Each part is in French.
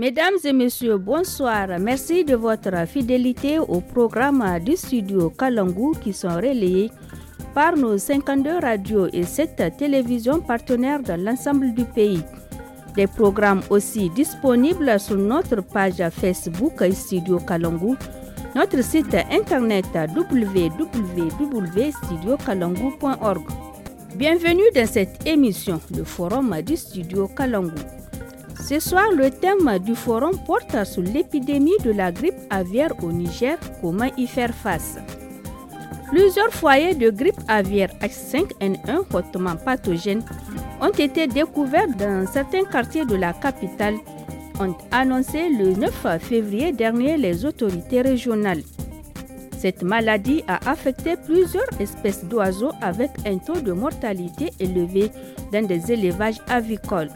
Mesdames et messieurs, bonsoir. Merci de votre fidélité au programme du studio Kalangu qui sont relayés par nos 52 radios et 7 télévisions partenaires dans l'ensemble du pays. Des programmes aussi disponibles sur notre page Facebook Studio Kalangu, notre site internet www.studiokalangu.org. Bienvenue dans cette émission, le forum du studio Kalangu. Ce soir, le thème du forum porte sur l'épidémie de la grippe aviaire au Niger, comment y faire face. Plusieurs foyers de grippe aviaire H5N1 hautement pathogène ont été découverts dans certains quartiers de la capitale, ont annoncé le 9 février dernier les autorités régionales. Cette maladie a affecté plusieurs espèces d'oiseaux avec un taux de mortalité élevé dans des élevages avicoles.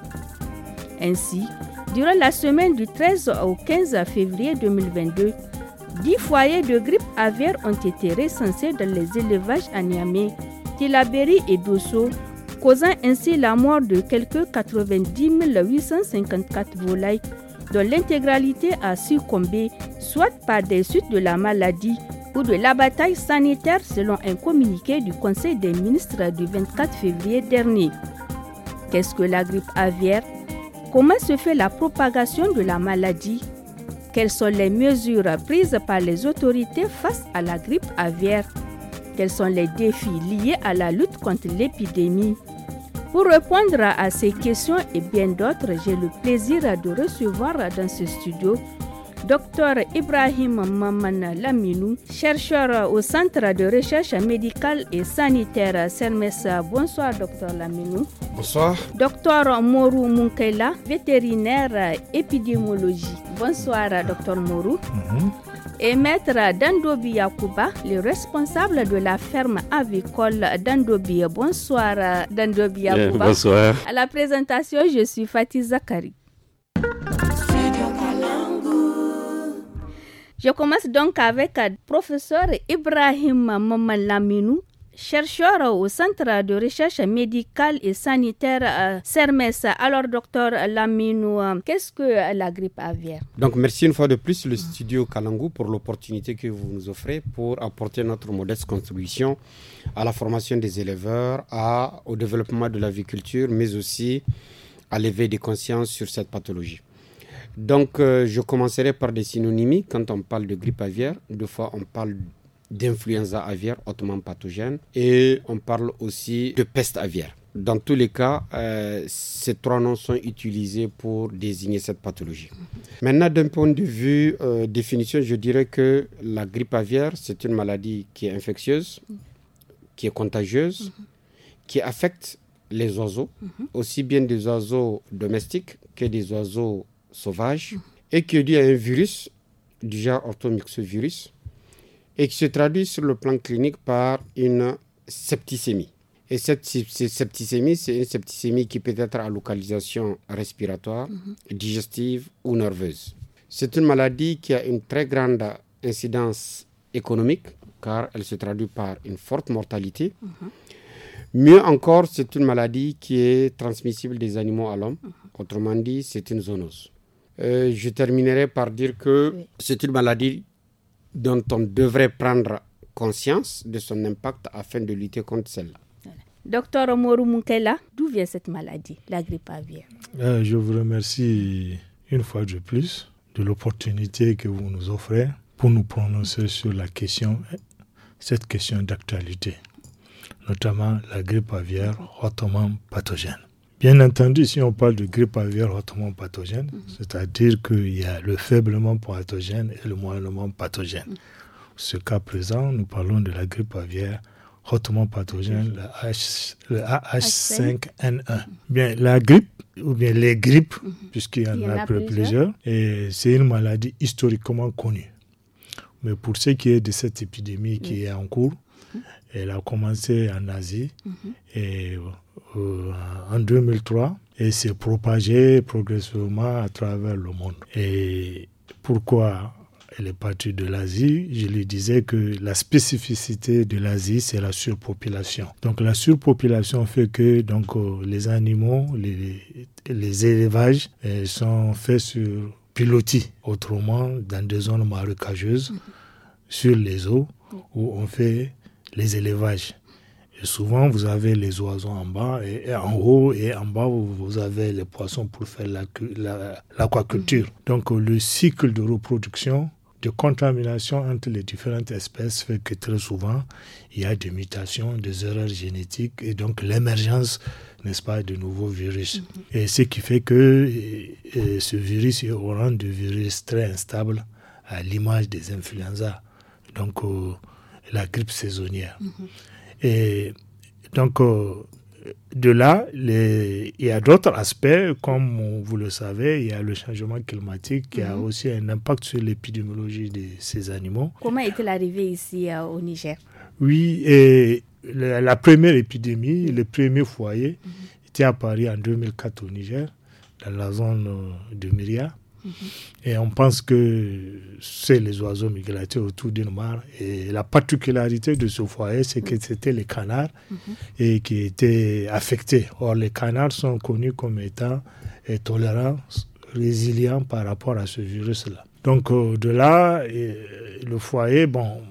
Ainsi, durant la semaine du 13 au 15 février 2022, 10 foyers de grippe aviaire ont été recensés dans les élevages à Niamey, Tilaberi et Dosso, causant ainsi la mort de quelques 90 854 volailles, dont l'intégralité a succombé soit par des suites de la maladie ou de la bataille sanitaire selon un communiqué du Conseil des ministres du 24 février dernier. Qu'est-ce que la grippe aviaire Comment se fait la propagation de la maladie Quelles sont les mesures prises par les autorités face à la grippe aviaire Quels sont les défis liés à la lutte contre l'épidémie Pour répondre à ces questions et bien d'autres, j'ai le plaisir de recevoir dans ce studio Docteur Ibrahim Maman Laminou, chercheur au Centre de recherche médicale et sanitaire CERMES. Bonsoir, Docteur Laminou. Bonsoir. Docteur Morou Munkela, vétérinaire épidémiologie. Bonsoir, Docteur Mourou. Mhm. et maître Dandobi Yakuba, le responsable de la ferme avicole Dandobi. Bonsoir Dandobi eh, Yakuba. bonsoir. À la présentation, je suis Fatih Zakari. Je commence donc avec le euh, professeur Ibrahim Mamalaminou, chercheur au Centre de recherche médicale et sanitaire CERMES. Euh, Alors, docteur Laminou, euh, qu'est-ce que la grippe aviaire Donc, merci une fois de plus le studio Kalangou pour l'opportunité que vous nous offrez pour apporter notre modeste contribution à la formation des éleveurs, au développement de l'aviculture, mais aussi à l'éveil des consciences sur cette pathologie. Donc, euh, je commencerai par des synonymes Quand on parle de grippe aviaire, deux fois on parle d'influenza aviaire hautement pathogène et on parle aussi de peste aviaire. Dans tous les cas, euh, ces trois noms sont utilisés pour désigner cette pathologie. Maintenant, d'un point de vue euh, définition, je dirais que la grippe aviaire, c'est une maladie qui est infectieuse, qui est contagieuse, qui affecte les oiseaux, mhm. aussi bien des oiseaux domestiques que des oiseaux sauvage et qui est lié à un virus, du genre orthomyxovirus, et qui se traduit sur le plan clinique par une septicémie. Et cette septicémie, c'est une septicémie qui peut être à localisation respiratoire, mm-hmm. digestive ou nerveuse. C'est une maladie qui a une très grande incidence économique, car elle se traduit par une forte mortalité. Mm-hmm. Mieux encore, c'est une maladie qui est transmissible des animaux à l'homme. Mm-hmm. Autrement dit, c'est une zoonose. Euh, je terminerai par dire que c'est une maladie dont on devrait prendre conscience de son impact afin de lutter contre celle-là. Docteur Omoru Munkela, d'où vient cette maladie, la grippe aviaire euh, Je vous remercie une fois de plus de l'opportunité que vous nous offrez pour nous prononcer sur la question, cette question d'actualité, notamment la grippe aviaire hautement pathogène. Bien entendu, si on parle de grippe aviaire hautement pathogène, mhm. c'est-à-dire qu'il y a le faiblement pathogène et le moyennement pathogène. Mhm. Ce cas présent, nous parlons de la grippe aviaire hautement pathogène, mhm. le, H, AH5N1. Bien, la grippe, ou bien les grippes, puisqu'il y en, a, plusieurs, c'est une maladie historiquement connue. Mais pour ce qui est de cette épidémie qui est en cours, elle a commencé en Asie et euh, en 2003 et s'est propagée progressivement à travers le monde. Et pourquoi elle est partie de l'Asie, je lui disais que la spécificité de l'Asie, c'est la surpopulation. Donc la surpopulation fait que donc, euh, les animaux, les, élevages euh, sont faits sur pilotis, autrement dans des zones marécageuses, mm-hmm. sur les eaux, où on fait les élevages souvent, vous avez les oiseaux en bas et, en haut, et en bas, vous, avez les poissons pour faire l'aquaculture. Mm. Donc, le cycle de reproduction, de contamination entre les différentes espèces fait que très souvent, il y a des mutations, des erreurs génétiques et donc l'émergence, n'est-ce pas, de nouveaux virus. Mm-hmm. Et ce qui fait que ce virus est au rang de virus très instable à l'image des influenza. Donc, euh, la grippe saisonnière. Mm-hmm. Et donc, euh, de là, il y a d'autres aspects, comme vous le savez, il y a le changement climatique qui a mhm. aussi un impact sur l'épidémiologie de ces animaux. Comment est-il arrivé ici euh, au Niger Oui, et la, première épidémie, le premier foyer, mhm. était à Paris en 2004 au Niger, dans la zone euh, de Myria. Mm-hmm. Et on pense que c'est les oiseaux migrateurs autour du mare. Et la particularité de ce foyer, c'est que c'était les canards mm-hmm. et qui étaient affectés. Or, les canards sont connus comme étant euh, tolérants, résilients par rapport à ce virus-là. Donc, au de là, euh, le foyer, bon,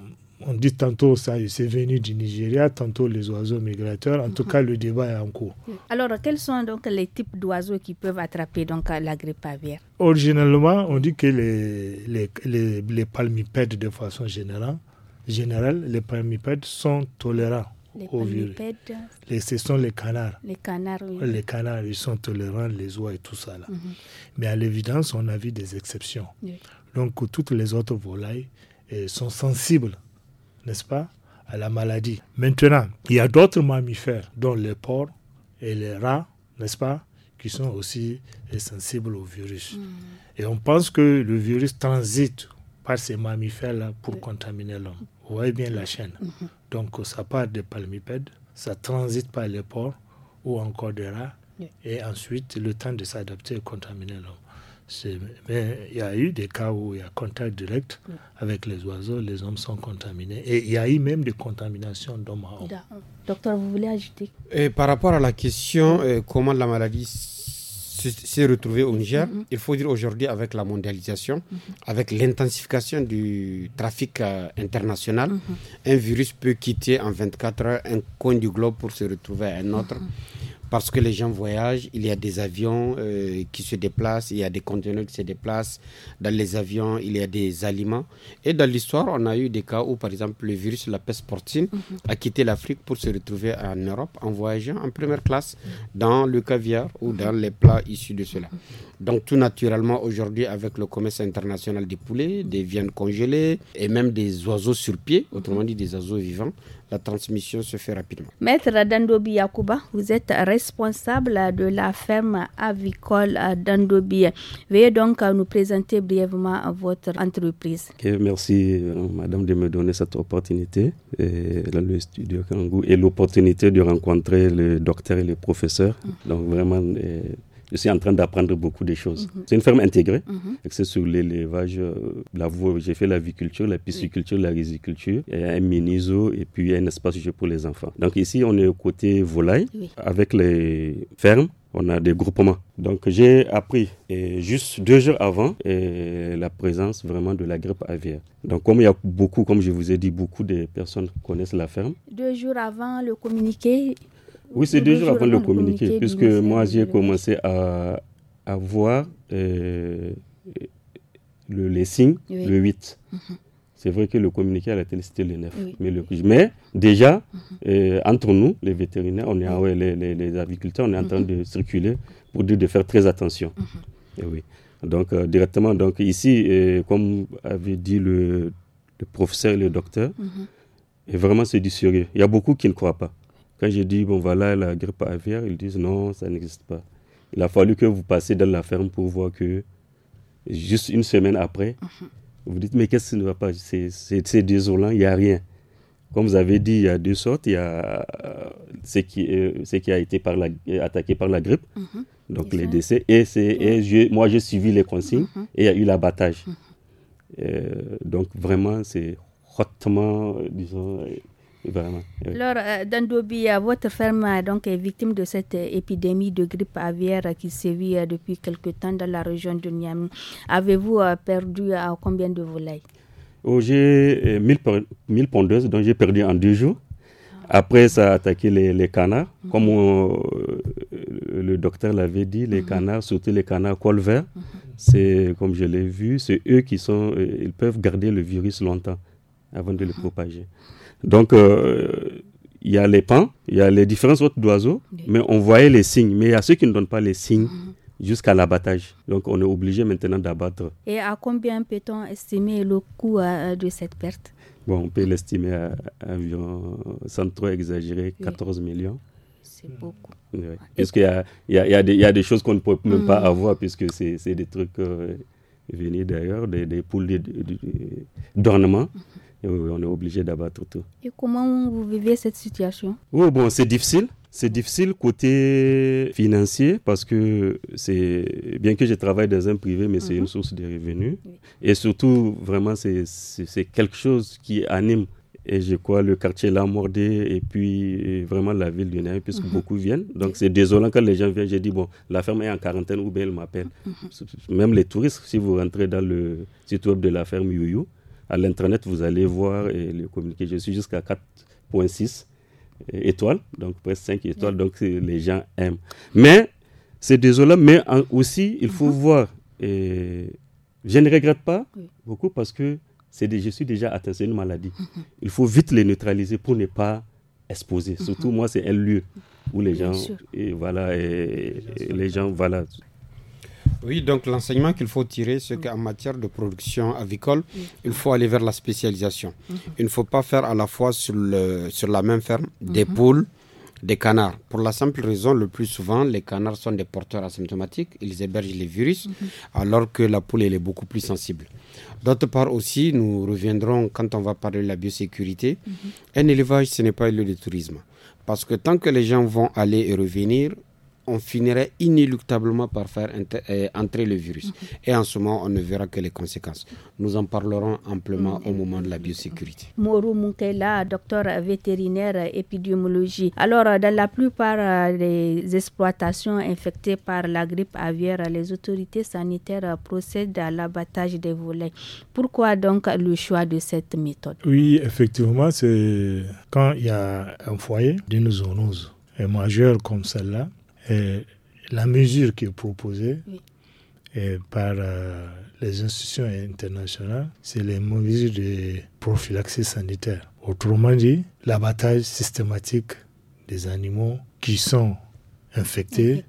on dit tantôt ça, c'est venu du Nigeria, tantôt les oiseaux migrateurs. En tout mhm. cas, le débat est en cours. Alors, quels sont donc les types d'oiseaux qui peuvent attraper donc la grippe aviaire Originalement, on dit que les, les, palmipèdes, de façon générale, générale, les palmipèdes sont tolérants les au virus. Les, ce sont les canards. Les canards, oui. Les canards, ils sont tolérants, les oies et tout ça. Là. Mhm. Mais à l'évidence, on a vu des exceptions. Donc, toutes les autres volailles eh, sont sensibles n'est-ce pas, à la maladie. Maintenant, il y a d'autres mammifères, dont les porcs et les rats, n'est-ce pas, qui sont aussi sensibles au virus. Mm. Et on pense que le virus transite par ces mammifères-là pour contaminer l'homme. Vous voyez bien la chaîne. Mm-hmm. Donc ça part des palmipèdes, ça transite par les porcs ou encore des rats, et ensuite le temps de s'adapter et contaminer l'homme. Mais il y a eu des cas où il y a contact direct avec les oiseaux, les hommes sont contaminés. Et il y a eu même des contaminations d'hommes à Docteur, vous voulez ajouter Et Par rapport à la question euh, comment la maladie s'est retrouvée au Niger, mm-hmm. il faut dire aujourd'hui avec la mondialisation, mm-hmm. avec l'intensification du trafic euh, international, mm-hmm. un virus peut quitter en 24 heures un coin du globe pour se retrouver à un autre parce que les gens voyagent, il y a des avions euh, qui se déplacent, il y a des conteneurs qui se déplacent. Dans les avions, il y a des aliments. Et dans l'histoire, on a eu des cas où, par exemple, le virus, la peste portine, mhm. a quitté l'Afrique pour se retrouver en Europe en voyageant en première classe dans le caviar ou mhm. dans les plats issus de cela. Donc tout naturellement, aujourd'hui, avec le commerce international des poulets, des viandes congelées et même des oiseaux sur pied, autrement dit des oiseaux vivants, la transmission se fait rapidement. Maître Dandobi Yakuba, vous êtes responsable de la ferme avicole Dandobi. Veuillez donc nous présenter brièvement votre entreprise. merci, euh, madame, de me donner cette opportunité et euh, le studio Kangou et l'opportunité de rencontrer le docteur et le professeur. Mm. Donc, vraiment. Euh, je suis en train d'apprendre beaucoup de choses. Mhm. C'est une ferme intégrée, c'est mhm. sur l'élevage, euh, la voie. j'ai fait la la pisciculture, la riziculture, un mini zoo et puis un espace pour les enfants. Donc ici, on est au côté volaille, avec les fermes on a des groupements. Donc j'ai appris juste deux jours avant la présence vraiment de la grippe aviaire. Donc comme il y a beaucoup, comme je vous ai dit, beaucoup de personnes connaissent la ferme. Deux jours avant le communiqué, oui, c'est deux, jours avant le communiqué, puisque moi j'ai commencé à, voir euh, le, les signes le 8. Mhm. C'est vrai que le communiqué à la télé, c'était le 9. Mais, déjà, mhm. euh, entre nous, les vétérinaires, on est, les, agriculteurs, on est en train mhm. de circuler pour dire de faire très attention. Eh oui. Donc, euh, directement, donc ici, comme avait dit le, professeur et le docteur, et vraiment, c'est du sérieux. Il y a beaucoup qui ne croient pas. Quand j'ai dit, bon, voilà la grippe aviaire, ils disent, non, ça n'existe pas. Il a fallu que vous passiez dans la ferme pour voir que, juste une semaine après, mhm. vous dites, mais qu'est-ce qui ne va pas C'est désolant, il n'y a rien. Comme vous avez dit, il y a deux sortes. Il y a euh, ce qui, euh, qui a été euh, attaqué par la grippe, mhm. donc les décès, et, moi j'ai suivi les consignes, mhm. et il y a eu l'abattage. donc vraiment, c'est hautement, disons, alors, euh, Dandobia, euh, votre ferme euh, donc, est victime de cette épidémie de grippe aviaire qui sévit depuis quelque temps dans la région de Niamey. Avez-vous perdu combien de volailles oh, J'ai 1000 pondeuses, donc j'ai perdu en deux jours. Après, ça a attaqué les, canards. Mm-hmm. Comme le docteur l'avait dit, les mm-hmm. canards, surtout les canards colverts, mm-hmm. c'est comme je l'ai vu, c'est eux qui sont, ils peuvent garder le virus longtemps avant de le propager. Donc, euh, il y a les pans, il y a les différences autres d'oiseaux, mais on voyait les signes. Mais il y a ceux qui ne donnent pas les signes mhm. jusqu'à l'abattage. Donc on est obligé maintenant d'abattre. Et à combien peut-on estimer le coût euh, de cette perte Bon, on peut l'estimer à, environ, sans trop exagérer, 14 millions. C'est beaucoup. Oui. y a, y, a, des, choses qu'on ne peut même pas mhm. avoir, puisque c'est des trucs euh, venus d'ailleurs, des, poules d'ornement. De, mhm on est obligé d'abattre tout. Et comment vous vivez cette situation oh, bon, c'est difficile. C'est difficile côté financier parce que c'est bien que je travaille dans un privé, mais c'est mhm. une source de revenus. Et surtout, vraiment, c'est quelque chose qui anime et je crois le quartier l'a mordé et puis vraiment la ville du Naï puisque mhm. beaucoup viennent. Donc c'est désolant quand les gens viennent, j'ai dit bon, la ferme est en quarantaine ou bien elle m'appelle. Mhm. Même les touristes, si vous rentrez dans le site web de la ferme Youyou, à l'internet, vous allez voir et le communiqué. Je suis jusqu'à 4.6 étoiles, donc presque 5 étoiles, donc les gens aiment. Mais c'est désolant, mais aussi, il faut mhm. voir. Et je ne regrette pas beaucoup parce que je suis déjà atteint, c'est une maladie. Mhm. Il faut vite les neutraliser pour ne pas exposer. Mhm. Surtout moi, c'est un lieu où les gens, et voilà, les gens, voilà. Oui, donc l'enseignement qu'il faut tirer, c'est qu'en matière de production avicole, il faut aller vers la spécialisation. Mhm. Il ne faut pas faire à la fois sur, le, sur la même ferme mhm. des poules, des canards. Pour la simple raison, le plus souvent, les canards sont des porteurs asymptomatiques, ils hébergent les virus, mhm. alors que la poule, elle est beaucoup plus sensible. D'autre part aussi, nous reviendrons quand on va parler de la biosécurité. Un élevage, ce n'est pas un lieu de tourisme. Parce que tant que les gens vont aller et revenir, on finirait inéluctablement par faire euh, entrer le virus. Et en ce moment, on ne verra que les conséquences. Nous en parlerons amplement au moment de la biosécurité. Mourou Munkela, docteur vétérinaire épidémiologie. Alors, dans la plupart euh, des exploitations infectées par la grippe aviaire, les autorités sanitaires procèdent à l'abattage des volets. Pourquoi donc le choix de cette méthode Oui, effectivement, c'est quand il y a un foyer d'une zoonose majeure comme celle-là, la mesure qui est proposée par euh, les institutions internationales, c'est les mesures de prophylaxie sanitaire. Autrement dit, l'abattage systématique des animaux qui sont infectés,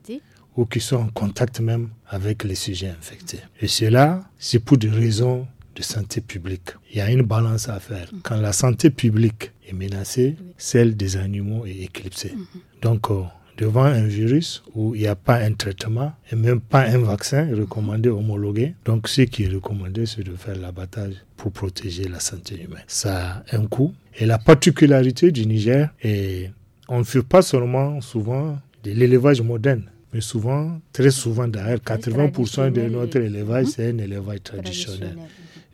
ou qui sont en contact même avec les sujets infectés. Et cela, c'est pour des raisons de santé publique. Il y a une balance à faire. Mm-hmm. Quand la santé publique est menacée, celle des animaux est éclipsée. Mm-hmm. Donc, euh, devant un virus où il n'y a pas un traitement et même pas un vaccin recommandé, homologué. Donc ce qui est recommandé, c'est de faire l'abattage pour protéger la santé humaine. Ça a un coût. Et la particularité du Niger est on ne fait pas seulement souvent de l'élevage moderne, mais souvent, très souvent d'ailleurs, 80% de notre élevage, hein? c'est un élevage traditionnel.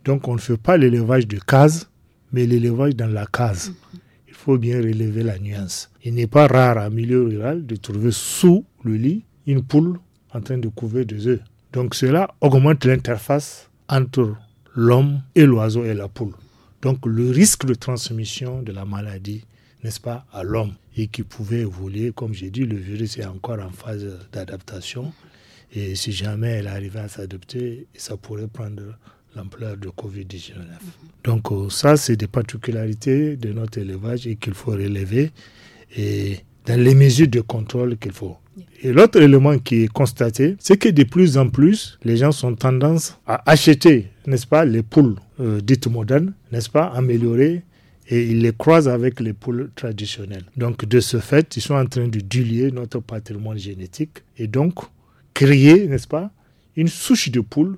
Donc on ne fait pas l'élevage de case, mais l'élevage dans la case. Mm-hmm faut bien relever la nuance. Il n'est pas rare en milieu rural de trouver sous le lit une poule en train de couver des œufs. Donc cela augmente l'interface entre l'homme et l'oiseau et la poule. Donc le risque de transmission de la maladie, n'est-ce pas, à l'homme et qui pouvait évoluer, comme j'ai dit, le virus est encore en phase d'adaptation. Et si jamais elle arrivait à s'adapter, ça pourrait prendre l'ampleur de Covid-19. Donc euh, ça, c'est des particularités de notre élevage et qu'il faut relever et dans les mesures de contrôle qu'il faut. Et l'autre élément qui est constaté, c'est que de plus en plus, les gens sont tendance à acheter, n'est-ce pas, les poules euh, dites modernes, n'est-ce pas, améliorées, et ils les croisent avec les poules traditionnelles. Donc de ce fait, ils sont en train de diluer notre patrimoine génétique et donc créer, n'est-ce pas, une souche de poules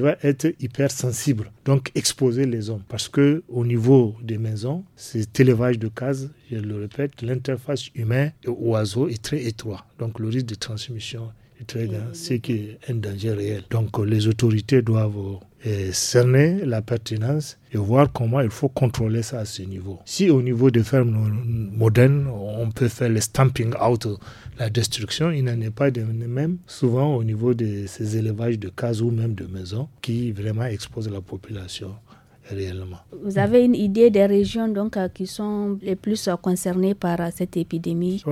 va être hypersensible, donc exposer les hommes. Parce que au niveau des maisons, cet élevage de cases, je le répète, l'interface humain et oiseau est très étroite. Donc le risque de transmission est très grand, mmh. ce qui est un danger réel. Donc les autorités doivent euh, cerner la pertinence et voir comment il faut contrôler ça à ce niveau. Si au niveau des fermes modernes, on peut faire le stamping out la destruction, il n'en est pas de même, souvent au niveau de ces élevages de cases ou même de maisons qui vraiment exposent la population réellement. Vous avez une idée des régions donc, euh, qui sont les plus euh, concernées par euh, cette épidémie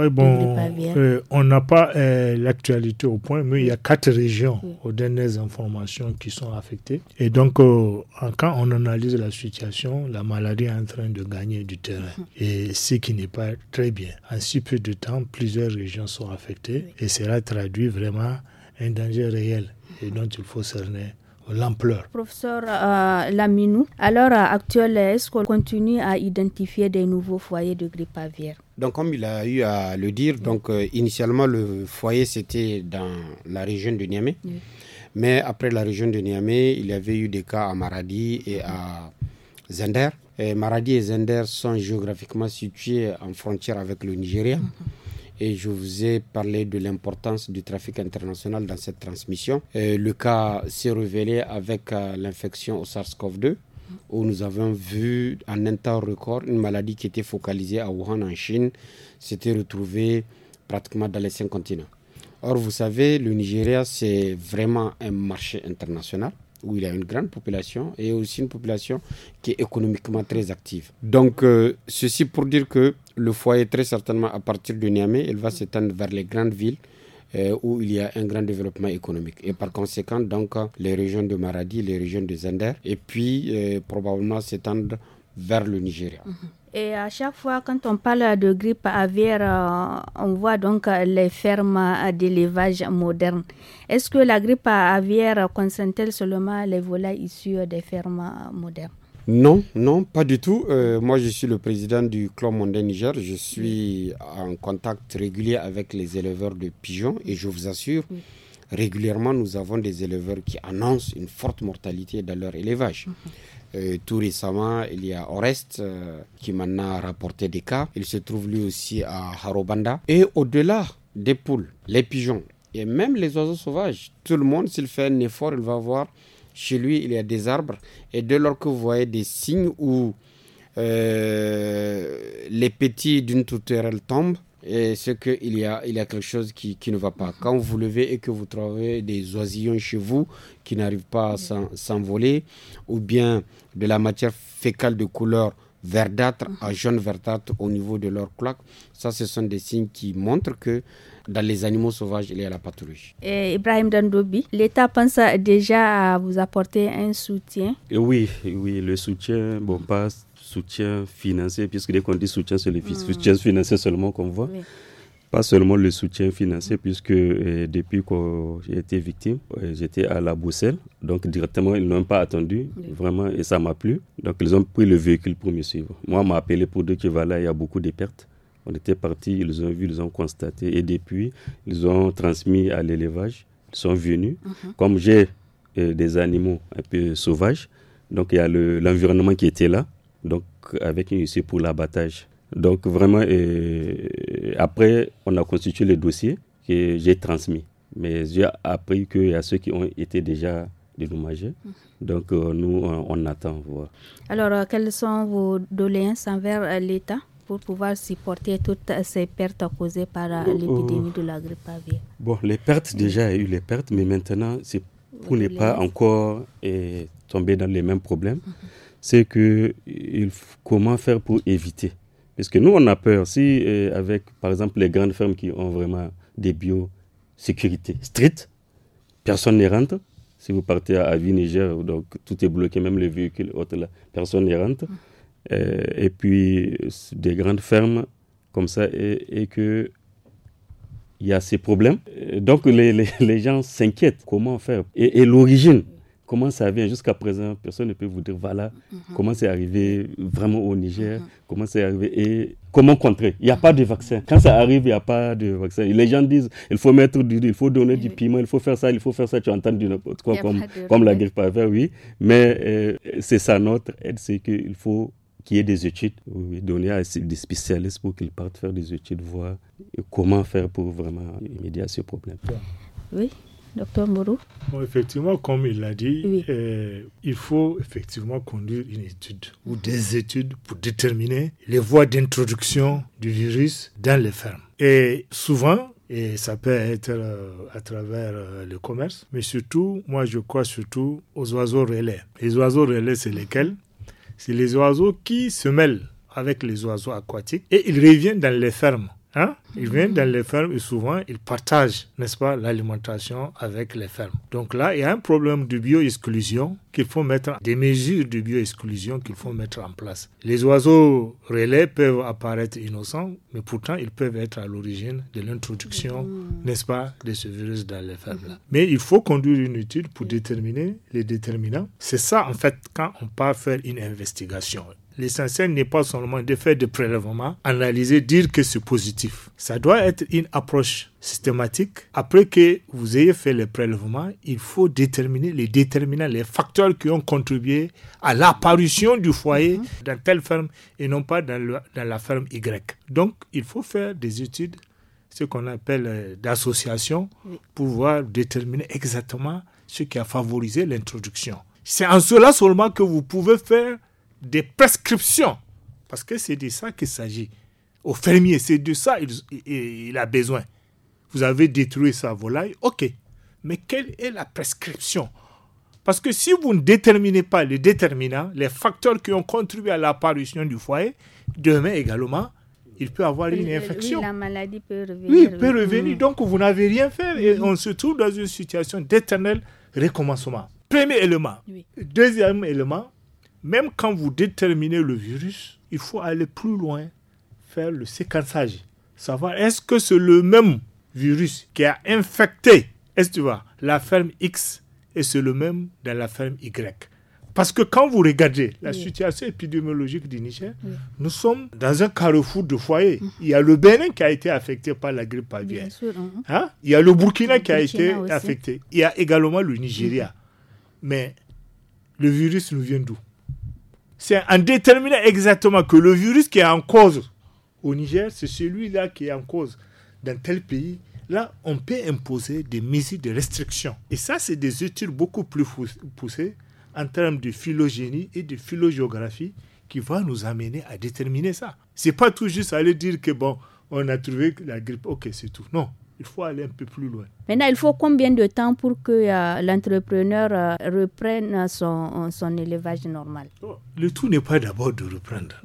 on n'a pas l'actualité au point, mais il y a quatre régions aux dernières informations qui sont affectées. Et donc, quand on analyse la situation, la maladie est en train de gagner du terrain. Mm-hmm. Et ce qui n'est pas très bien. En si peu de temps, plusieurs régions sont affectées et cela traduit vraiment un danger réel et dont il faut cerner l'ampleur. Professeur euh, Laminou, à l'heure actuelle, est-ce qu'on continue à identifier des nouveaux foyers de grippe aviaire donc, comme il a eu à le dire, donc euh, initialement le foyer c'était dans la région de Niamey, mais après la région de Niamey, il y avait eu des cas à Maradi et à Zender. Et Maradi et Zender sont géographiquement situés en frontière avec le Nigeria. Mhm et je vous ai parlé de l'importance du trafic international dans cette transmission. le cas s'est révélé avec euh, l'infection au SARS-CoV-2 où nous avons vu en un temps record une maladie qui était focalisée à Wuhan en Chine s'était retrouvée pratiquement dans les cinq continents. Or, vous savez, le Nigeria, c'est vraiment un marché international où il y a une grande population et aussi une population qui est économiquement très active. Donc, euh, ceci pour dire que le foyer, très certainement, à partir de Niamey, il va s'étendre vers les grandes villes euh, où il y a un grand développement économique. Et par conséquent, donc, les régions de Maradi, les régions de Zender, et puis euh, probablement s'étendre vers le Nigeria. Mhm. Et à chaque fois, quand on parle de grippe aviaire, euh, on voit donc euh, les fermes euh, d'élevage modernes. Est-ce que la grippe aviaire concerne-t-elle seulement les volailles issues des fermes modernes non, non, pas du tout. moi, je suis le président du Club monde Niger. Je suis en contact régulier avec les éleveurs de pigeons et je vous assure, régulièrement, nous avons des éleveurs qui annoncent une forte mortalité dans leur élevage. Mhm. Euh, tout récemment, il y a Orest euh, qui m'en a rapporté des cas. Il se trouve lui aussi à Harobanda. Et au-delà des poules, les pigeons et même les oiseaux sauvages, tout le monde, s'il fait un effort, il va voir chez lui, il y a des arbres. Et dès lors que vous voyez des signes où euh, les petits d'une tourterelle tombent, c'est qu'il y a, il y a quelque chose qui, ne va pas. Quand vous levez et que vous trouvez des oisillons chez vous qui n'arrivent pas à s'envoler, ou bien de la matière fécale de couleur verdâtre à jaune verdâtre au niveau de leur cloque, ça ce sont des signes qui montrent que dans les animaux sauvages, il y a la pathologie. Et Ibrahim Dandobi, l'État pense déjà à vous apporter un soutien Oui, oui, le soutien bon, passe soutien financier, puisque dès qu'on dit soutien, c'est le hmm. soutien financier seulement qu'on voit. Pas seulement le soutien financier, puisque euh, depuis que j'ai été victime, euh, j'étais à la Bruxelles. Donc, directement, ils n'ont pas attendu, vraiment, et ça m'a plu. Donc, ils ont pris le véhicule pour me suivre. Moi, on m'a appelé pour dire qu'il voilà, il y a beaucoup de pertes. On était partis, ils ont vu, ils ont constaté. Et depuis, ils ont transmis à l'élevage. Ils sont venus. Mhm. Comme j'ai euh, des animaux un peu sauvages, donc il y a l'environnement qui était là donc avec une issue pour l'abattage. Donc vraiment, après, on a constitué le dossier que j'ai transmis. Mais j'ai appris qu'il y a ceux qui ont été déjà dédommagés. Mhm. Donc euh, nous, on, attend Alors, euh, quelles sont vos doléances envers euh, l'État pour pouvoir supporter toutes ces pertes causées par oh, oh. l'épidémie de la grippe aviaire Bon, les pertes, déjà, il y a eu les pertes, mais maintenant, c'est pour ne pas encore eh, tomber dans les mêmes problèmes. Mhm c'est que comment faire pour éviter. Parce que nous, on a peur. Si, euh, avec, par exemple, les grandes fermes qui ont vraiment des biosécurités strictes, personne n'y rentre. Si vous partez à Avi, Niger, donc tout est bloqué, même les véhicules, autres, là, personne n'y rentre. Euh, et puis, des grandes fermes comme ça, et, et que il y a ces problèmes. Euh, donc les, les, gens s'inquiètent. Comment faire et l'origine Comment ça vient jusqu'à présent Personne ne peut vous dire voilà mhm. comment c'est arrivé vraiment au Niger, mhm. comment c'est arrivé et comment contrer. Il n'y a pas de vaccin. Quand ça arrive, il n'y a pas de vaccin. Les gens disent il faut mettre du, il faut donner du piment, il faut faire ça, il faut faire ça. Tu entends du n'importe quoi comme, comme la grippe aviaire, oui. Mais euh, c'est ça notre aide, c'est qu'il faut qu'il y ait des études, donner à des spécialistes pour qu'ils partent faire des études, voir comment faire pour vraiment immédiatement ce problème. Oui, docteur Mourou Effectivement, comme il l'a dit, euh, il faut effectivement conduire une étude ou des études pour déterminer les voies d'introduction du virus dans les fermes. Et souvent, et ça peut être euh, à travers euh, le commerce, mais surtout, moi je crois surtout aux oiseaux relais. Les oiseaux relais, c'est lesquels C'est les oiseaux qui se mêlent avec les oiseaux aquatiques et ils reviennent dans les fermes Hein? Ils viennent dans les fermes et souvent ils partagent, n'est-ce pas, l'alimentation avec les fermes. Donc là, il y a un problème de bio-exclusion qu'il faut mettre, des mesures de bio-exclusion qu'il faut mettre en place. Les oiseaux relais peuvent apparaître innocents, mais pourtant ils peuvent être à l'origine de l'introduction, mm-hmm. n'est-ce pas, de ce virus dans les fermes mm-hmm. Mais il faut conduire une étude pour déterminer les déterminants. C'est ça, en fait, quand on part faire une investigation. L'essentiel n'est pas seulement de faire des prélèvements, analyser, dire que c'est positif. Ça doit être une approche systématique. Après que vous ayez fait le prélèvement, il faut déterminer les déterminants, les facteurs qui ont contribué à l'apparition du foyer mhm. dans telle ferme et non pas dans, la ferme Y. Donc, il faut faire des études, ce qu'on appelle euh, d'association, pour pouvoir déterminer exactement ce qui a favorisé l'introduction. C'est en cela seulement que vous pouvez faire des prescriptions, parce que c'est de ça qu'il s'agit, au fermier, c'est de ça qu'il il a besoin. Vous avez détruit sa volaille, ok, mais quelle est la prescription Parce que si vous ne déterminez pas les déterminants, les facteurs qui ont contribué à l'apparition du foyer, demain également, il peut avoir une infection. Oui, la maladie peut revenir. Oui, peut revenir. Mm. Donc, vous n'avez rien fait et on se trouve dans une situation d'éternel recommencement. Premier élément. Deuxième élément, même quand vous déterminez le virus, il faut aller plus loin, faire le séquençage. Savoir est-ce que c'est le même virus qui a infecté, est-ce tu vois, la ferme X et c'est le même dans la ferme Y. Parce que quand vous regardez la situation épidémiologique du Niger, nous sommes dans un carrefour de foyers. Mm. Il y a le Bénin qui a été affecté par la grippe aviaire. Hein. Hein? Il y a le Burkina qui a été affecté. Il y a également le Nigeria. Mm. Mais le virus nous vient d'où c'est en déterminant exactement que le virus qui est en cause au Niger, c'est celui-là qui est en cause dans tel pays. Là, on peut imposer des mesures de restriction. Et ça, c'est des études beaucoup plus poussées en termes de phylogénie et de phylogéographie qui vont nous amener à déterminer ça. C'est pas tout juste aller dire que bon, on a trouvé la grippe, ok, c'est tout. Non, il faut aller un peu plus loin. Maintenant, il faut combien de temps pour que euh, l'entrepreneur euh, reprenne son, élevage normal oh, Le tout n'est pas d'abord de reprendre.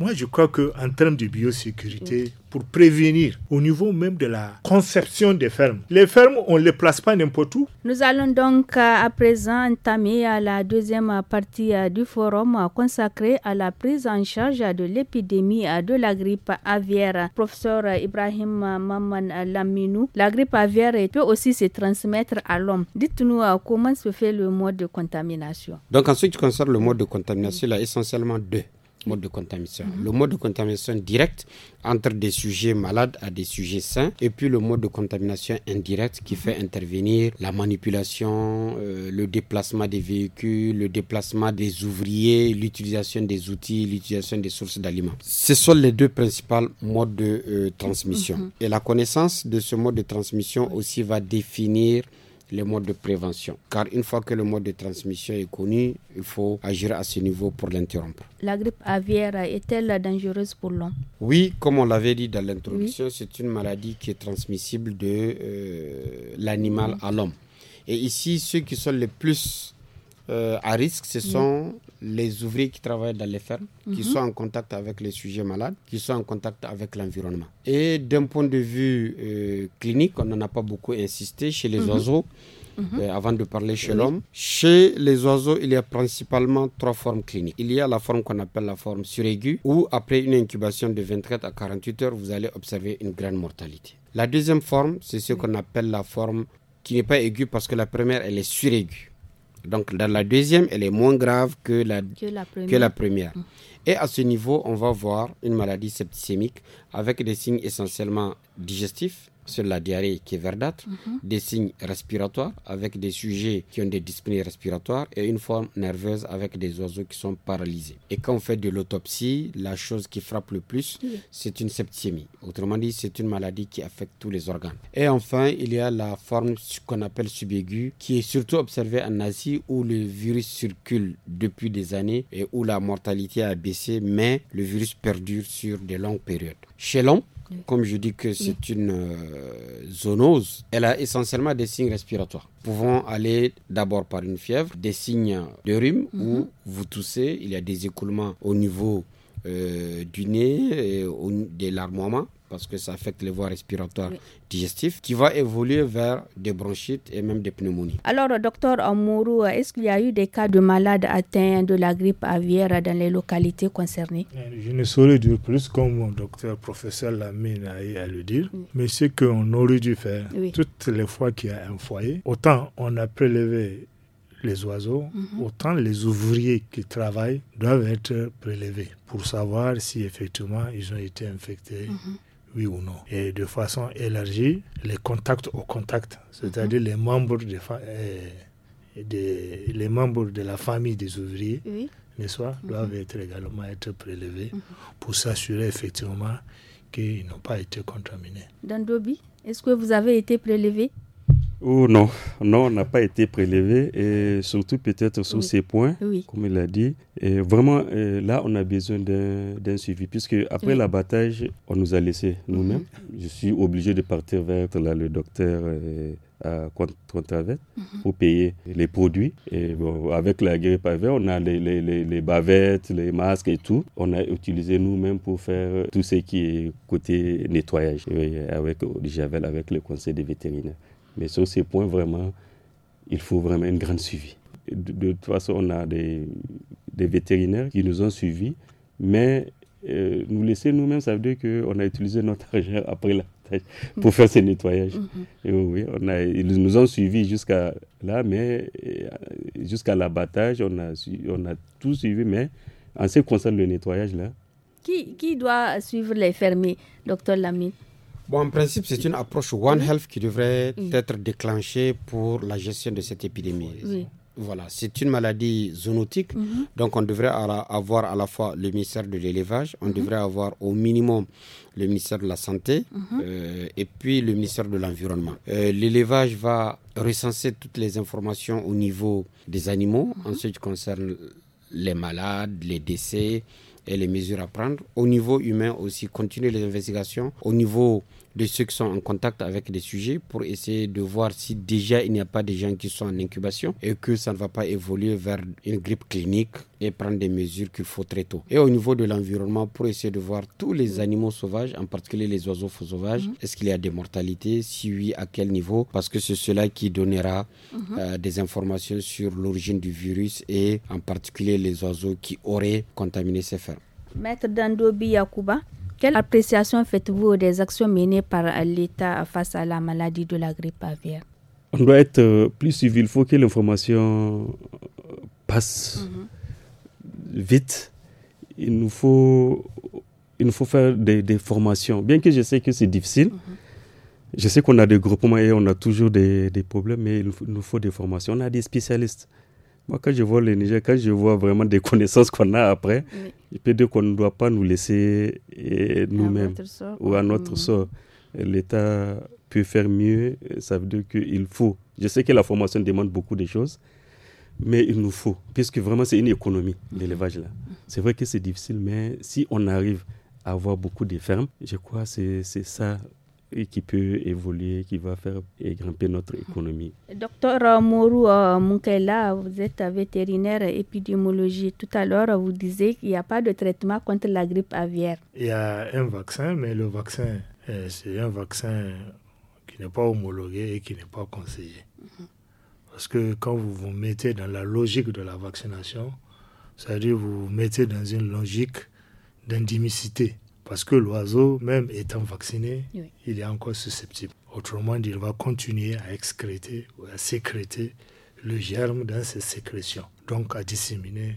Moi, je crois qu'en termes de biosécurité, pour prévenir au niveau même de la conception des fermes, les fermes, on ne les place pas n'importe où. Nous allons donc euh, à présent entamer euh, la deuxième euh, partie du forum consacrée à la prise en charge de l'épidémie de la grippe aviaire. Professeur Ibrahim Maman Laminou, la grippe aviaire peut aussi se transmettre à l'homme. Dites-nous comment se fait le mode de contamination. Donc, en ce qui concerne le mode de contamination, il y a essentiellement deux mode de contamination. Le mode de contamination direct entre des sujets malades à des sujets sains et puis le mode de contamination indirect qui fait intervenir la manipulation, euh, le déplacement des véhicules, le déplacement des ouvriers, l'utilisation des outils, l'utilisation des sources d'aliments. Ce sont les deux principaux modes de euh, transmission. Mm-hmm. Et la connaissance de ce mode de transmission aussi va définir les modes de prévention. Car une fois que le mode de transmission est connu, il faut agir à ce niveau pour l'interrompre. La grippe aviaire est-elle dangereuse pour l'homme Oui, comme on l'avait dit dans l'introduction, c'est une maladie qui est transmissible de euh, l'animal à l'homme. Et ici, ceux qui sont les plus euh, à risque, ce mm. sont les ouvriers qui travaillent dans les fermes, qui mm-hmm. sont en contact avec les sujets malades, qui sont en contact avec l'environnement. Et d'un point de vue euh, clinique, on n'en a pas beaucoup insisté chez les mm-hmm. oiseaux. Mm-hmm. Euh, avant de parler chez l'homme. Chez les oiseaux, il y a principalement trois formes cliniques. Il y a la forme qu'on appelle la forme suraiguë, où après une incubation de 24 à 48 heures, vous allez observer une grande mortalité. La deuxième forme, c'est ce qu'on appelle la forme qui n'est pas aiguë parce que la première, elle est suraiguë. Donc dans la deuxième, elle est moins grave que la, première. Mm. Et à ce niveau, on va voir une maladie septicémique avec des signes essentiellement digestifs, sur la diarrhée qui est verdâtre, mhm. des signes respiratoires avec des sujets qui ont des dyspnées respiratoires et une forme nerveuse avec des oiseaux qui sont paralysés. Et quand on fait de l'autopsie, la chose qui frappe le plus, c'est une septimie. Autrement dit, c'est une maladie qui affecte tous les organes. Et enfin, il y a la forme qu'on appelle subaiguë qui est surtout observée en Asie où le virus circule depuis des années et où la mortalité a baissé, mais le virus perdure sur de longues périodes. Chez l'homme, comme je dis que c'est une euh, zoonose, elle a essentiellement des signes respiratoires. Pouvant aller d'abord par une fièvre, des signes de rhume mhm. où vous toussez, il y a des écoulements au niveau euh, du nez, et de des larmoiements parce que ça affecte les voies respiratoires digestives, qui va évoluer vers des bronchites et même des pneumonies. Alors, docteur Amourou, est-ce qu'il y a eu des cas de malades atteints de la grippe aviaire dans les localités concernées euh, Je ne saurais dire plus, comme mon docteur professeur Lamine a eu à le dire, mais ce qu'on aurait dû faire, toutes les fois qu'il y a un foyer, autant on a prélevé les oiseaux, mhm. autant les ouvriers qui travaillent doivent être prélevés pour savoir si effectivement ils ont été infectés. Mhm oui ou non. Et de façon élargie, les contacts au contact, c'est-à-dire mhm. euh, les membres de, la famille des ouvriers, mhm. doivent être également être prélevés mhm. pour s'assurer effectivement qu'ils n'ont pas été contaminés. Dandobi, est-ce que vous avez été prélevé non, non, on n'a pas été prélevé et surtout peut-être sur ces points, comme il a dit. Et vraiment, euh, là, on a besoin d'un suivi puisque après l'abattage, on nous a laissés nous-mêmes. Mhm. Je suis obligé de partir vers là, le docteur euh, à Contravette mhm. pour payer les produits. Et bon, avec la grippe aviaire, on a les, les, les, bavettes, les masques et tout. On a utilisé nous-mêmes pour faire tout ce qui est côté nettoyage avec Javel, avec le conseil des vétérinaires. Mais sur ces points, vraiment, il faut vraiment une grande suivi. De, toute façon, on a des, vétérinaires qui nous ont suivis, mais euh, nous laisser nous-mêmes, ça veut dire qu'on a utilisé notre argent après la pour faire ces nettoyages. Mm-hmm. Et oui, on ils nous ont suivis jusqu'à là, mais euh, jusqu'à l'abattage, on a, on a tout suivi, mais en ce qui concerne le nettoyage, là. Qui, qui doit suivre les fermiers, docteur Lamine Bon, en principe, c'est une approche One Health qui devrait être déclenchée pour la gestion de cette épidémie. Voilà, c'est une maladie zoonotique, mhm. donc on devrait avoir à la fois le ministère de l'élevage, on mhm. devrait avoir au minimum le ministère de la Santé mhm. euh, et puis le ministère de l'Environnement. Euh, l'élevage va recenser toutes les informations au niveau des animaux en ce qui concerne les malades, les décès et les mesures à prendre. Au niveau humain aussi, continuer les investigations. Au niveau de ceux qui sont en contact avec des sujets pour essayer de voir si déjà il n'y a pas des gens qui sont en incubation et que ça ne va pas évoluer vers une grippe clinique et prendre des mesures qu'il faut très tôt. Et au niveau de l'environnement, pour essayer de voir tous les animaux sauvages, en particulier les oiseaux sauvages, mhm. est-ce qu'il y a des mortalités Si oui, à quel niveau Parce que c'est cela qui donnera mhm. euh, des informations sur l'origine du virus et en particulier les oiseaux qui auraient contaminé ces fermes. Maître Dandobi Yakuba, quelle appréciation faites-vous des actions menées par l'État face à la maladie de la grippe aviaire On doit être euh, plus civil. Il faut que l'information euh, passe mhm. vite. Il nous faut, il nous faut faire des, formations. Bien que je sais que c'est difficile, mhm. je sais qu'on a des groupements et on a toujours des problèmes, mais il nous faut des formations. On a des spécialistes moi, quand je vois le Niger, quand je vois vraiment des connaissances qu'on a après, oui. je peux dire qu'on ne doit pas nous laisser eh, nous-mêmes ou à notre mm. sort. L'État peut faire mieux, euh, ça veut dire qu'il faut. Je sais que la formation demande beaucoup de choses, mais il nous faut, puisque vraiment c'est une économie, l'élevage là. C'est vrai que c'est difficile, mais si on arrive à avoir beaucoup de fermes, je crois que c'est ça et qui peut évoluer, qui va faire grimper notre économie. Docteur euh, Mourou euh, Munkela, vous êtes vétérinaire épidémiologie. Tout à l'heure, vous disiez qu'il n'y a pas de traitement contre la grippe aviaire. Il y a un vaccin, mais le vaccin, euh, c'est un vaccin qui n'est pas homologué et qui n'est pas conseillé. Mhm. Parce que quand vous vous mettez dans la logique de la vaccination, c'est-à-dire vous vous mettez dans une logique d'indimicité parce que l'oiseau, même étant vacciné, il est encore susceptible. Autrement dit, il va continuer à excréter ou à sécréter le germe dans ses sécrétions, donc à disséminer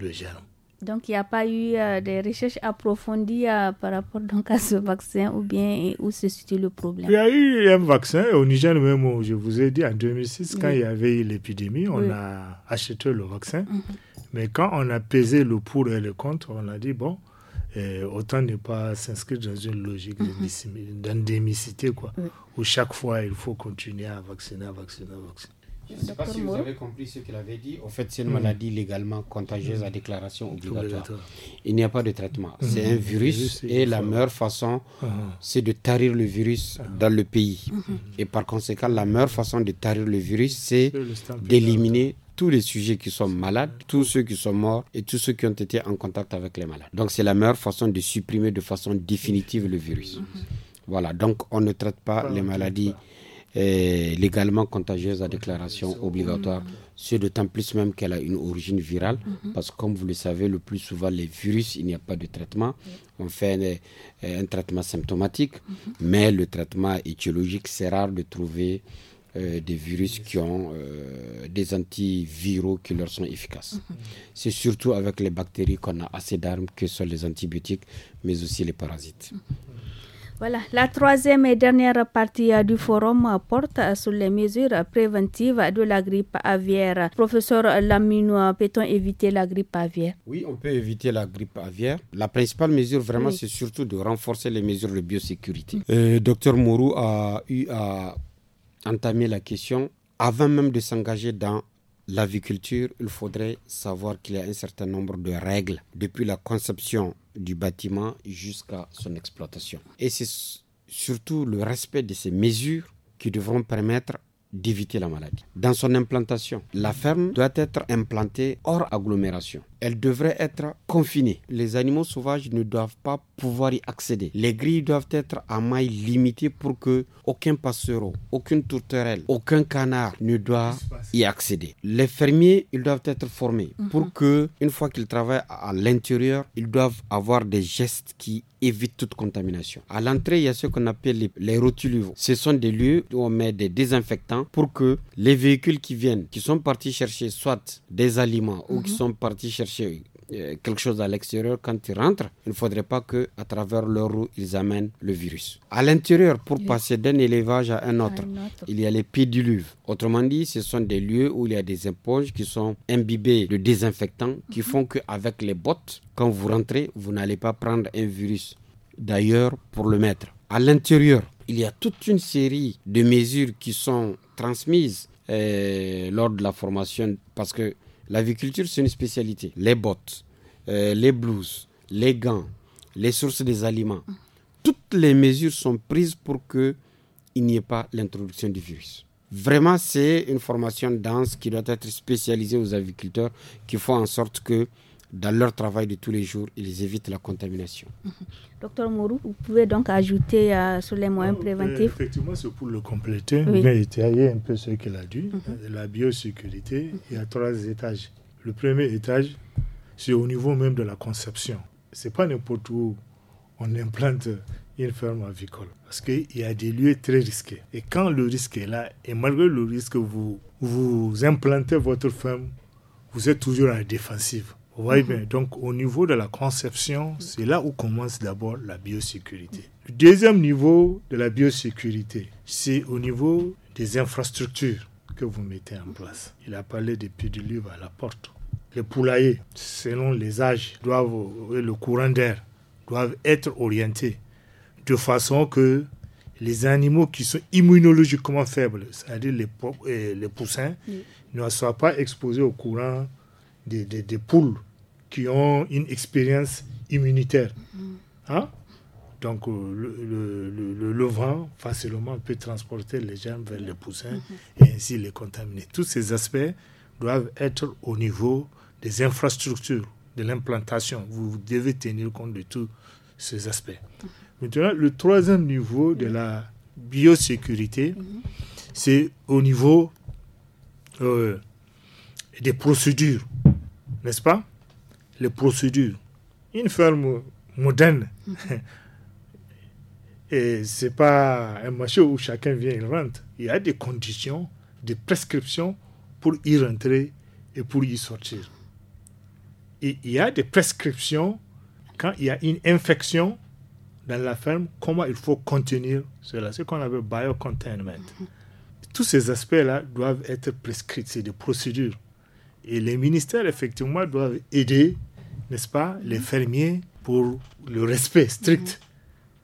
le germe. Donc, il n'y a pas eu euh, des recherches approfondies euh, par rapport donc, à ce vaccin ou bien où se situe le problème Il y a eu un vaccin au Niger même, je vous ai dit, en 2006, quand il y avait eu l'épidémie, on a acheté le vaccin. Mhm. Mais quand on a pesé le pour et le contre, on a dit, bon, euh, autant ne pas s'inscrire dans une logique mm-hmm. d'endémicité, quoi, où chaque fois il faut continuer à vacciner, à vacciner, à vacciner. Je ne sais pas si vous avez compris ce qu'il avait dit. En fait, c'est une mm-hmm. maladie légalement contagieuse mm-hmm. à déclaration obligatoire. Il n'y a pas de traitement. C'est un virus et la meilleure façon, uh-huh. c'est de tarir le virus uh-huh. dans le pays. Et par conséquent, la meilleure façon de tarir le virus, c'est d'éliminer tous les sujets qui sont malades, tous ceux qui sont morts et tous ceux qui ont été en contact avec les malades. Donc c'est la meilleure façon de supprimer de façon définitive le virus. Voilà, donc on ne traite pas les maladies euh, légalement contagieuses à déclaration obligatoire, c'est d'autant plus même qu'elle a une origine virale, mhm. parce que comme vous le savez, le plus souvent les virus, il n'y a pas de traitement. On fait un, euh, un traitement symptomatique, mhm. mais le traitement étiologique, c'est rare de trouver euh, des virus qui ont euh, des antiviraux qui leur sont efficaces. Mhm. C'est surtout avec les bactéries qu'on a assez d'armes que ce sont les antibiotiques, mais aussi les parasites. Mhm. Voilà, la troisième et dernière partie euh, du forum porte sur les mesures préventives de la grippe aviaire. Professeur Lamino, peut-on éviter la grippe aviaire Oui, on peut éviter la grippe aviaire. La principale mesure, vraiment, c'est surtout de renforcer les mesures de biosécurité. Mhm. Docteur Mourou a eu à entamer la question, avant même de s'engager dans l'aviculture, il faudrait savoir qu'il y a un certain nombre de règles depuis la conception du bâtiment jusqu'à son exploitation. Et c'est surtout le respect de ces mesures qui devront permettre d'éviter la maladie. Dans son implantation, la ferme doit être implantée hors agglomération elle devrait être confinée. Les animaux sauvages ne doivent pas pouvoir y accéder. Les grilles doivent être à maille limitée pour que aucun passereau, aucune tourterelle, aucun canard ne doit y accéder. Les fermiers, ils doivent être formés mhm. pour que, une fois qu'ils travaillent à l'intérieur, ils doivent avoir des gestes qui évitent toute contamination. À l'entrée, il y a ce qu'on appelle les, les Ce sont des lieux où on met des désinfectants pour que les véhicules qui viennent, qui sont partis chercher soit des aliments ou qui mhm. sont partis chercher euh, quelque chose à l'extérieur, quand ils rentrent, il ne faudrait pas que, à travers leur roue, ils amènent le virus. À l'intérieur, pour passer d'un élevage à un autre, il y a les pédiluves. Autrement dit, ce sont des lieux où il y a des éponges qui sont imbibées de désinfectants qui font mhm. que font qu'avec les bottes, quand vous rentrez, vous n'allez pas prendre un virus d'ailleurs pour le mettre. À l'intérieur, il y a toute une série de mesures qui sont transmises euh, lors de la formation parce que L'aviculture, c'est une spécialité. Les bottes, euh, les blouses, les gants, les sources des aliments, hum. toutes les mesures sont prises pour que il n'y ait pas l'introduction du virus. Vraiment, c'est une formation dense qui doit être spécialisée aux aviculteurs qui font en sorte que dans leur travail de tous les jours, ils évitent la contamination. Docteur Mourou, vous pouvez donc ajouter euh, sur les moyens préventifs Effectivement, c'est pour le compléter, il mais un peu ce qu'elle a dit. Mhm. La biosécurité, il y a trois étages. Le premier étage, c'est au niveau même de la conception. C'est pas n'importe où on implante une ferme avicole. Parce qu'il y a des lieux très risqués. Et quand le risque est là, et malgré le risque, vous, vous implantez votre ferme, vous êtes toujours à la défensive. Vous voyez mhm. bien, donc au niveau de la conception, mhm. c'est là où commence d'abord la biosécurité. Le deuxième niveau de la biosécurité, c'est au niveau des infrastructures que vous mettez en place. Il a parlé des livre à la porte. Les poulaillers, selon les âges, doivent, euh, le courant d'air, doivent être orientés de façon que les animaux qui sont immunologiquement faibles, c'est-à-dire les, euh, les poussins, ne soient pas exposés au courant des, poules qui ont une expérience immunitaire. Mm. Hein? Donc euh, le, vent facilement peut transporter les germes vers les poussins mm-hmm. et ainsi les contaminer. Tous ces aspects doivent être au niveau des infrastructures, de l'implantation. Vous devez tenir compte de tous ces aspects. Mm-hmm. Maintenant, le troisième niveau de la biosécurité, mm-hmm. c'est au niveau euh, des procédures n'est-ce pas Les procédures. Une ferme moderne. Et ce n'est pas un marché où chacun vient et rentre. Il y a des conditions, des prescriptions pour y rentrer et pour y sortir. Et il y a des prescriptions quand il y a une infection dans la ferme, comment il faut contenir cela, ce qu'on appelle biocontainment. Mm-hmm. Tous ces aspects-là doivent être prescrits, c'est des procédures. Et les ministères, effectivement, doivent aider, n'est-ce pas, les mhm. fermiers pour le respect strict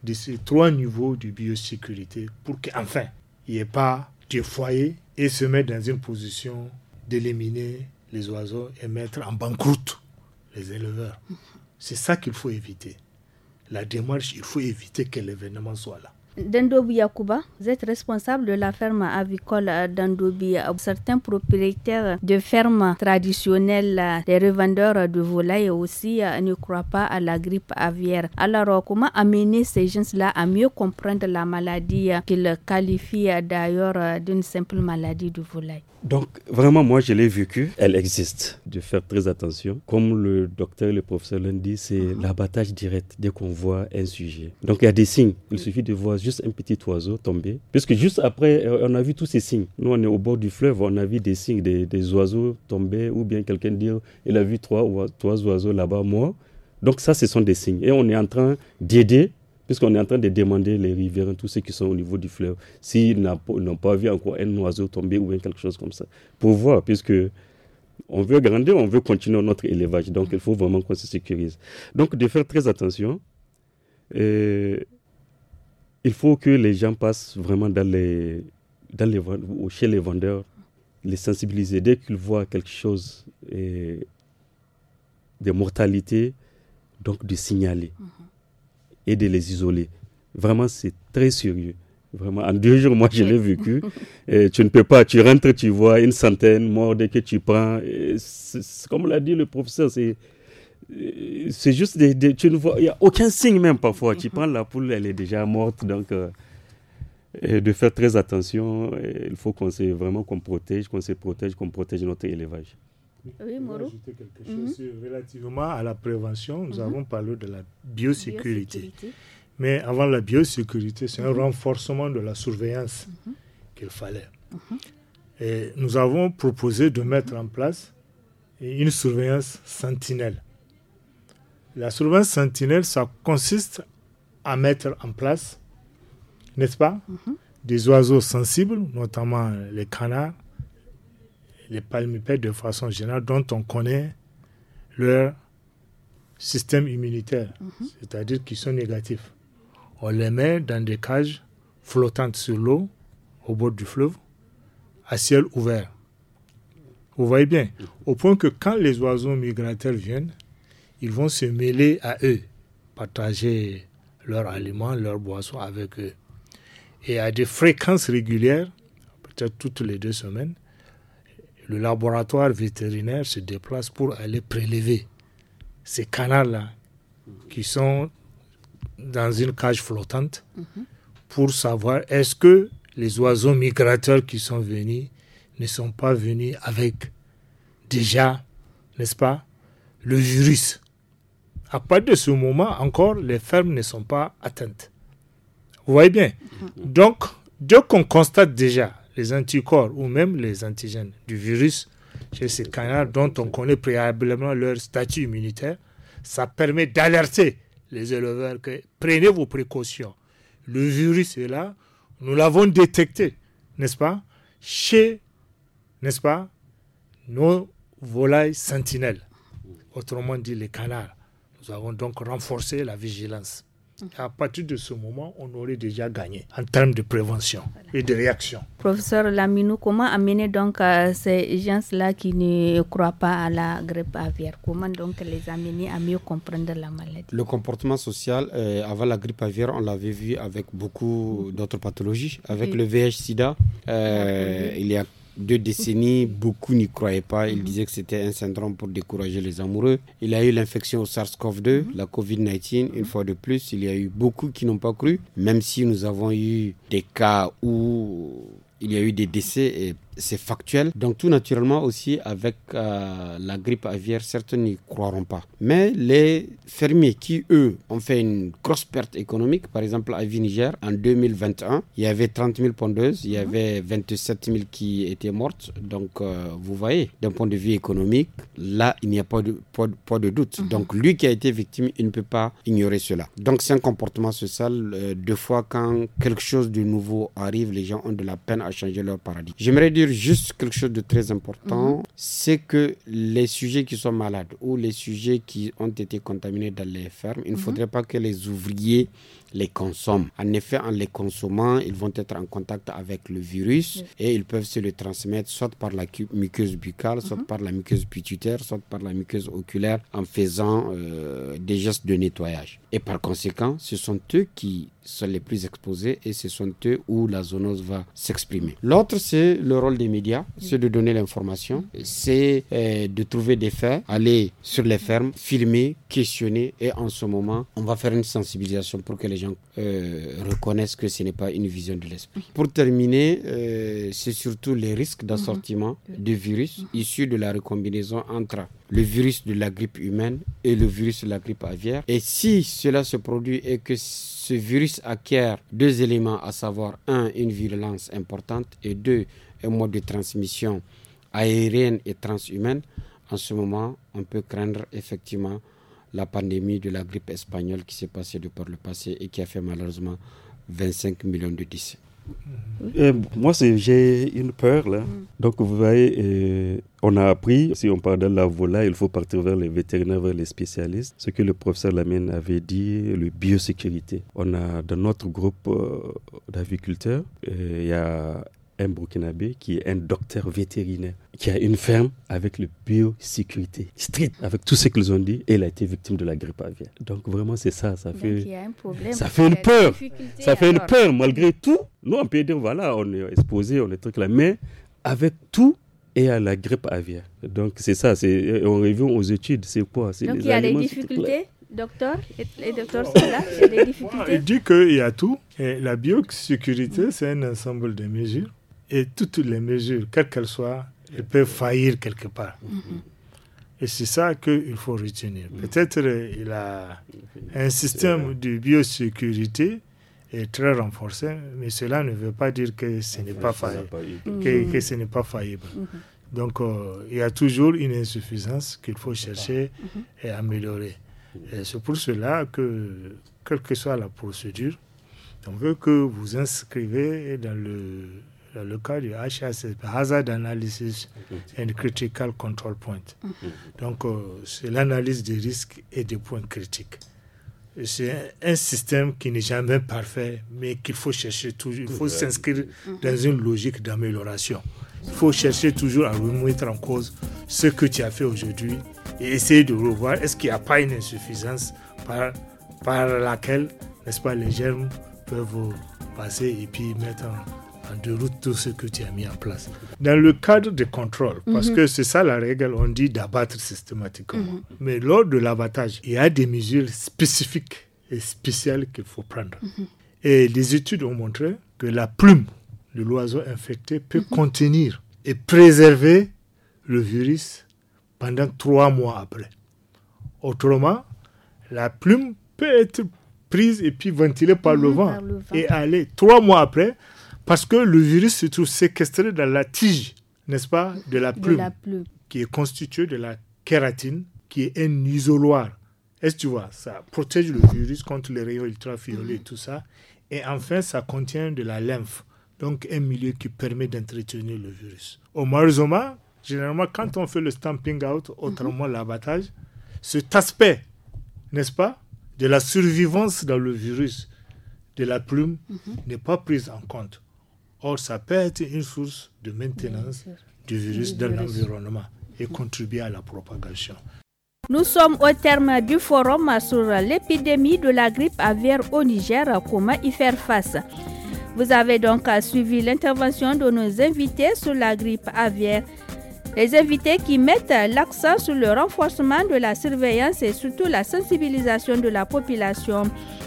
mhm. de ces trois niveaux de biosécurité pour qu'enfin, il n'y ait pas de foyer et se mettre dans une position d'éliminer les oiseaux et mettre en banqueroute les éleveurs. Mhm. C'est ça qu'il faut éviter. La démarche, il faut éviter que l'événement soit là. Dendobi Yakuba, vous êtes responsable de la ferme avicole d'Andobi. Certains propriétaires de fermes traditionnelles, des revendeurs de volailles aussi, euh, ne croient pas à la grippe aviaire. Alors, euh, comment amener ces gens-là à mieux comprendre la maladie qu'ils qualifient d'ailleurs euh, d'une simple maladie de volaille donc, vraiment, moi, je l'ai vécu. Elle existe. De faire très attention. Comme le docteur et le professeur l'ont dit, c'est ah. l'abattage direct dès qu'on voit un sujet. Donc, il y a des signes. Il suffit de voir juste un petit oiseau tomber. Puisque juste après, euh, on a vu tous ces signes. Nous, on est au bord du fleuve, on a vu des signes, des, oiseaux tomber, ou bien quelqu'un dire, il a vu trois, trois oiseaux là-bas, moi. Donc, ça, ce sont des signes. Et on est en train d'aider puisqu'on est en train de demander les riverains, tous ceux qui sont au niveau du fleuve, s'ils n'ont pas vu encore un oiseau tomber ou quelque chose comme ça, pour voir, puisque on veut grandir, on veut continuer notre élevage, donc il faut vraiment qu'on se sécurise. Donc de faire très attention. Euh, il faut que les gens passent vraiment dans les, chez les vendeurs, les sensibiliser. Dès qu'ils voient quelque chose euh, de mortalité, donc de signaler. Mhm et de les isoler. Vraiment, c'est très sérieux. Vraiment, en deux jours, moi, je l'ai vécu. tu ne peux pas, tu rentres, tu vois une centaine morts dès que tu prends. comme l'a dit le professeur, c'est c'est juste tu ne vois il n'y a aucun signe même parfois tu prends la poule elle est déjà morte donc euh, de faire très attention il faut qu'on se vraiment qu'on protège qu'on se protège qu'on protège notre élevage oui, Moro. Mhm. relativement à la prévention. Nous mhm. avons parlé de la biosécurité. Mais avant la biosécurité, c'est un mhm. renforcement de la surveillance qu'il fallait. Et nous avons proposé de mettre en place une surveillance sentinelle. La surveillance sentinelle, ça consiste à mettre en place, n'est-ce pas, des oiseaux sensibles, notamment les canards, les palmipèdes de façon générale, dont on connaît leur système immunitaire, mhm. c'est-à-dire qu'ils sont négatifs. On les met dans des cages flottantes sur l'eau, au bord du fleuve, à ciel ouvert. Vous voyez bien, au point que quand les oiseaux migrateurs viennent, ils vont se mêler à eux, partager leurs aliments, leurs boissons avec eux. Et à des fréquences régulières, peut-être toutes les deux semaines, le laboratoire vétérinaire se déplace pour aller prélever ces canards-là qui sont dans une cage flottante mhm. pour savoir est-ce que les oiseaux migrateurs qui sont venus ne sont pas venus avec déjà, n'est-ce pas, le virus. À partir de ce moment encore, les fermes ne sont pas atteintes. Vous voyez bien mhm. Donc, dès qu'on constate déjà les anticorps ou même les antigènes du virus chez ces canards dont on connaît préalablement leur statut immunitaire, ça permet d'alerter les éleveurs que prenez vos précautions. Le virus est là, nous l'avons détecté, n'est-ce pas, chez, n'est-ce pas, nos volailles sentinelles, autrement dit les canards. Nous avons donc renforcé la vigilance. Mm. À partir de ce moment, on aurait déjà gagné en termes de prévention et de réaction. Professeur Laminou, comment amener donc euh, ces gens-là qui ne croient pas à la grippe aviaire Comment donc les amener à mieux comprendre la maladie Le comportement social euh, avant la grippe aviaire, on l'avait vu avec beaucoup d'autres pathologies. Avec le VIH-Sida, euh, il y a deux décennies, beaucoup n'y croyaient pas. Ils mhm. disaient que c'était un syndrome pour décourager les amoureux. Il a eu l'infection au SARS-CoV-2, mhm. la COVID-19, une mhm. fois de plus. Il y a eu beaucoup qui n'ont pas cru, même si nous avons eu des cas où il y a eu des décès et c'est factuel. Donc tout naturellement aussi avec euh, la grippe aviaire, certains n'y croiront pas. Mais les fermiers qui, eux, ont fait une grosse perte économique, par exemple à Niger en 2021, il y avait 30 000 pondeuses, il y mhm. avait 27 000 qui étaient mortes. Donc euh, vous voyez, d'un point de vue économique, là, il n'y a pas de, pas, de doute. Mhm. Donc lui qui a été victime, il ne peut pas ignorer cela. Donc c'est un comportement social. Euh, deux fois, quand quelque chose de nouveau arrive, les gens ont de la peine à changer leur paradis. J'aimerais dire juste quelque chose de très important, mhm. c'est que les sujets qui sont malades ou les sujets qui ont été contaminés dans les fermes, il ne mhm. faudrait pas que les ouvriers les consomment. En effet, en les consommant, ils vont être en contact avec le virus mm. et ils peuvent se le transmettre soit par la muqueuse buccale, soit mm-hmm. par la muqueuse pituitaire, soit par la muqueuse oculaire en faisant euh, des gestes de nettoyage. Et par conséquent, ce sont eux qui sont les plus exposés et ce sont eux où la zoonose va s'exprimer. L'autre, c'est le rôle des médias, mm. c'est de donner l'information, c'est euh, de trouver des faits, aller sur les fermes, filmer, questionner et en ce moment, on va faire une sensibilisation pour que les gens euh, reconnaissent que ce n'est pas une vision de l'esprit. Mhm. Pour terminer, euh, c'est surtout les risques d'assortiment mhm. de virus mhm. issus de la recombinaison entre le virus de la grippe humaine et le virus de la grippe aviaire. Et si cela se produit et que ce virus acquiert deux éléments, à savoir un, une virulence importante et deux, un mode de transmission aérienne et transhumaine, en ce moment, on peut craindre effectivement la pandémie de la grippe espagnole qui s'est passée de par le passé et qui a fait malheureusement 25 millions de décès. Euh, moi, j'ai une peur mm. Donc, vous voyez, euh, on a appris, si on parle de la volaille, il faut partir vers les vétérinaires, vers les spécialistes. Ce que le professeur Lamine avait dit, le biosécurité. On a dans notre groupe euh, d'aviculteurs, il y a un Burkinabé qui est un docteur vétérinaire, qui a une ferme avec le biosécurité, strict, avec tout ce qu'ils ont dit, et il a été victime de la grippe aviaire. Donc vraiment, c'est ça, ça fait, ça fait une peur. Ça fait une peur, malgré tout. Nous, on peut dire, voilà, on est exposé, on est truc là, mais avec tout, et à la grippe aviaire. Donc c'est ça, c'est, on revient aux études, c'est quoi Donc il y a des difficultés Docteur, les docteurs sont là, il a des difficultés. Il dit qu'il y a tout. Et la biosécurité, c'est un ensemble de mesures et toutes les mesures, quelles qu'elles soient, elles peuvent faillir quelque part. Mm-hmm. Et c'est ça qu'il faut retenir. Mm-hmm. Peut-être euh, il a un système de biosécurité est très renforcé, mais cela ne veut pas dire que ce n'est pas faillible. Que, ce n'est pas faillible. Mm-hmm. Donc, euh, il y a toujours une insuffisance qu'il faut chercher et améliorer. Et c'est pour cela que, quelle que soit la procédure, on veut que vous inscrivez dans le le cas du HACP, Hazard Analysis mm-hmm. and Critical Control Point. Mm-hmm. Donc, uh, c'est l'analyse des risques et des points critiques. C'est un, système qui n'est jamais parfait, mais qu'il faut chercher toujours. Il faut s'inscrire mm-hmm. dans une logique d'amélioration. Il faut chercher toujours à remettre en cause ce que tu as fait aujourd'hui et essayer de revoir est-ce qu'il n'y a pas une insuffisance par, par laquelle, n'est-ce pas, les germes peuvent passer et puis mettre en, de route, tout ce que tu as mis en place. Dans le cadre des contrôles, mhm. parce que c'est ça la règle, on dit d'abattre systématiquement. Mhm. Mais lors de l'abattage, il y a des mesures spécifiques et spéciales qu'il faut prendre. Mhm. Et les études ont montré que la plume de l'oiseau infecté peut contenir et préserver le virus pendant trois mois après. Autrement, la plume peut être prise et puis ventilée par, le, vent par le, vent et aller trois mois après. Parce que le virus se trouve séquestré dans la tige, n'est-ce pas, de la, plume, qui est constituée de la kératine, qui est un isoloir. Est-ce que tu vois, ça protège le virus contre les rayons ultraviolets et mm. tout ça. Et enfin, ça contient de la lymphe, donc un milieu qui permet d'entretenir le virus. Au marzoma, généralement, quand on fait le stamping out, autrement mm-hmm. l'abattage, cet aspect, n'est-ce pas, de la survivance dans le virus, de la plume, mm-hmm. n'est pas pris en compte. Or, ça peut être une source de maintenance du virus dans l'environnement et contribuer à la propagation. Nous sommes au terme du forum sur l'épidémie de la grippe aviaire au Niger, comment y faire face. Vous avez donc suivi l'intervention de nos invités sur la grippe aviaire. Les invités qui mettent l'accent sur le renforcement de la surveillance et surtout la sensibilisation de la population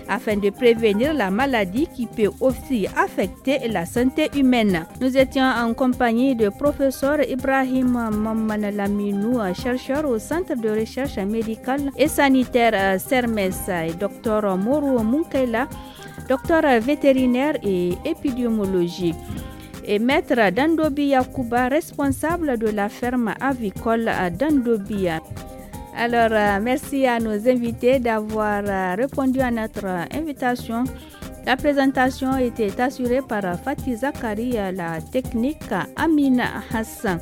afin de prévenir la maladie qui peut aussi affecter la santé humaine. Nous étions en compagnie de professeur Ibrahim Mammanalaminu, Laminou, chercheur au Centre de recherche médicale et sanitaire CERMES euh, et docteur Moro Munkela, docteur vétérinaire et épidémiologie et maître Dandobi Yakuba, responsable de la ferme avicole à Dandobi. Alors, euh, merci à nos invités d'avoir euh, répondu à notre invitation. La présentation était assurée par Fatih Zakari, euh, la technique Amina Hassan.